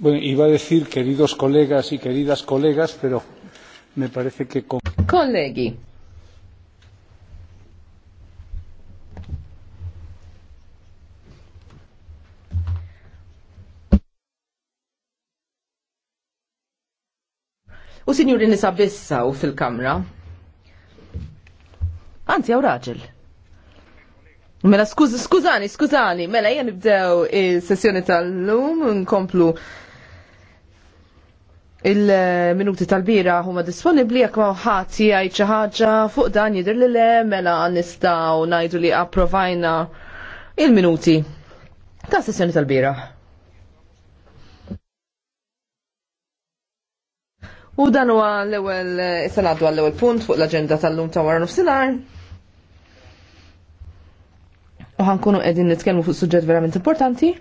Bueno, iba a decir queridos colegas y queridas colegas, pero me parece que... Con... U sinjuri nisa bissa u fil-kamra. Anzi, għaw raġel. Mela, skuzani, skuzani, mela, jen nibdew il-sessjoni tal-lum, nkomplu il-minuti tal-bira huma disponibli jekk ma' ħadd jgħid xi ħaġa fuq dan jidher li le mela nistgħu ngħidu li approvajna il-minuti ta' sessjoni tal-bira. U dan huwa l-ewwel ngħaddu għall-ewwel punt fuq l-aġenda tal-lum ta' wara nofsinhar. U ħankunu qegħdin nitkellmu fuq suġġett verament importanti.